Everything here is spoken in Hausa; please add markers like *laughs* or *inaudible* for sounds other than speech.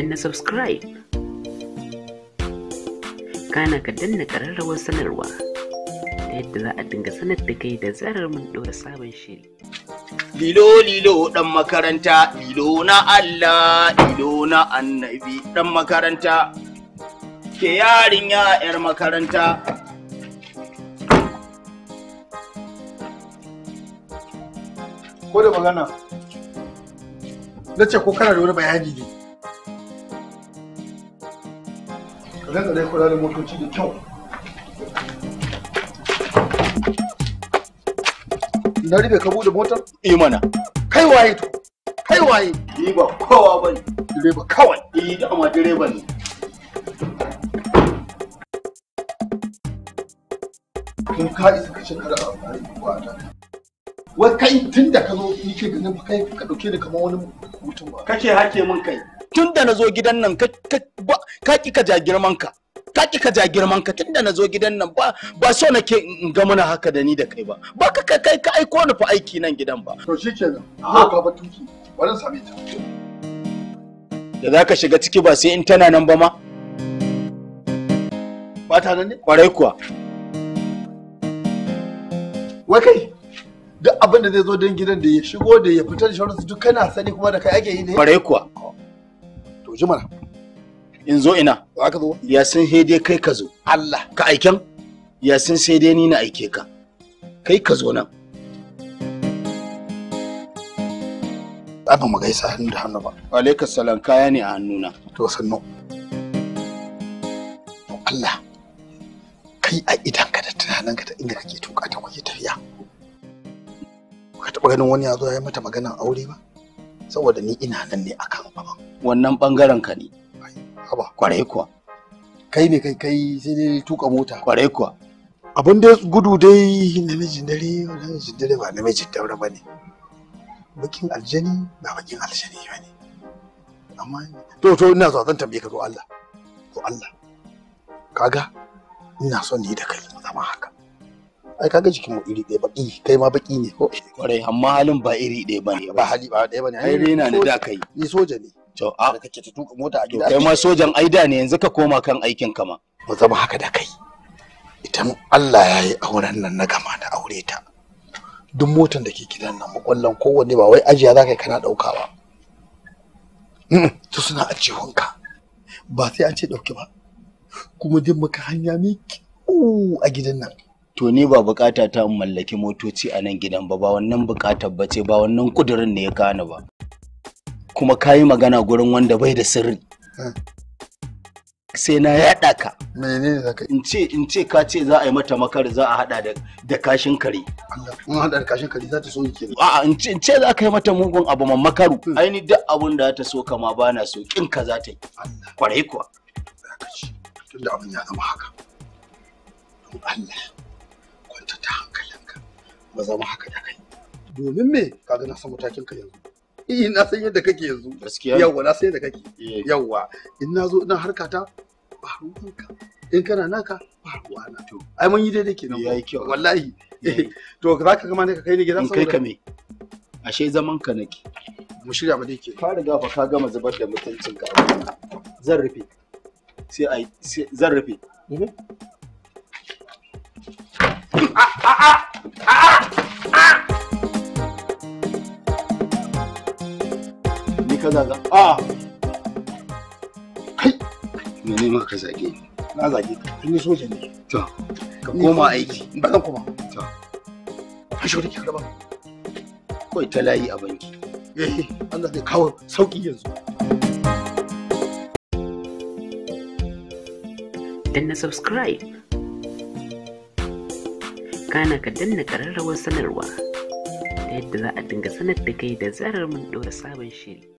danna subscribe kana ka danna ƙararrawar sanarwa ta yadda za a dinga sanar da kai da zarar mun ɗora sabon shiri lilo lilo ɗan makaranta lilo na allah lilo na annabi ɗan makaranta ke yarin ya 'yar makaranta ko da magana na ce ko kana da wani bayani ne ka gantsa dai kula da motoci da kyau na ribe ka bude motar eh mana kai waye to kai waye ni ba kowa bane direba kawai da eh, dama direba ne kun ka isa ka shekara a bayan kwata wai kai tun ka zo nike ganin kai ka dauke da kamar wani mutum ba kake hake mun kai tun da na zo gidan nan ka ki ka ja ka ka ki ka jagirman ka tun da na zo gidan nan ba ba so ke in ga mana haka da ni da kai ba ba ka kai ka aiko ni fa aiki nan gidan ba to shikenan ka ba tuki wannan sami ta da za ka shiga ciki ba sai in tana nan ba ma ba ta nan ne kwarai kuwa wai kai duk abin da zai zo don gidan da ya shigo da ya fitar da shauransu duk kana sani kuma da kai ake yi ne kwarai kuwa to jimana in zo ina aka zo ya san sai dai kai ka zo Allah ka aiken ya san sai dai ni na aike ka kai ka zo nan Abin mu gaisa hannu da hannu ba. Wa alaika salam kaya ne a hannuna. To sanno Allah kai a ka da tunaninka da inda kake tuka ta kuke tafiya. Ka taba ganin wani ya zo ya mata maganan aure ba? saboda ni ina nan ne akan baban wannan bangaren ka ne haba kwarai kuwa kai ne kai kai sai dai tuka mota kwarai kuwa abin da gudu dai namijin dare namijin dare ba namijin daura ba ne bakin aljani ba bakin aljani ba ne amma to to ina zuwa zan tambaye ka to Allah to Allah kaga ina son ni da kai zama haka ai kaga jikin mu iri ɗaya baki kai ma baki ne ko kwarai amma halin ba iri ɗaya bane ba hali ba ɗaya bane ai rena ne da kai ni soja ne to a kake ta tuka mota a gida kai ma sojan aida ne yanzu ka koma kan aikin ka ma mu zama haka da kai idan Allah ya yi auren nan na gama da aure ta duk motan da ke gidan nan makwallon kowanne ba wai ajiya za ka kana ɗauka ba to suna ajiyonka ba sai an ce ɗauki ba kuma din muka hanya miki a gidan nan to ni ba bukata ta in mallaki motoci a nan gidan ba ba wannan bukatar ba ce ba wannan kudurin ne ya kana ba kuma ka yi magana gurin wanda bai da sirri sai na yaɗa ka in ce in ce ka ce za a yi mata makar za a hada da kashin kare Allah in hada da kashin kare za ta so in ce in ce za ka yi mata mugun abu man makaru hmm. aini duk abun da ta so kama ba na so kin ka za ta yi kwarai kuwa tunda abin ya zama haka Allah ba zama haka da kai domin me kaga na san matakin ka yanzu eh na san yadda kake yanzu gaskiya yawa na san yadda kake eh. yawa in na zo ina harkata ba ruwanka in kana naka ba na to ai mun yi daidai kenan yayi kyau wallahi eh. *laughs* to za ka gama ne ka kai ni gidan saboda kai ka me ashe zaman ka nake mu shirya ba dai ke ka riga fa ka gama zubar da mutuncin ka zan rufe sai ai zan rufe a a a ka zaga a ah! kai me ne ma ka zage ni na zage ka tun soja ne to ka koma aiki ba zan koma to ka shi kake karba kai ta layi a banki eh an zai kawo sauki yanzu danna subscribe kana ka danna kararrawar sanarwa ta yadda za a dinga sanar da kai da zarar mun ɗora sabon shiri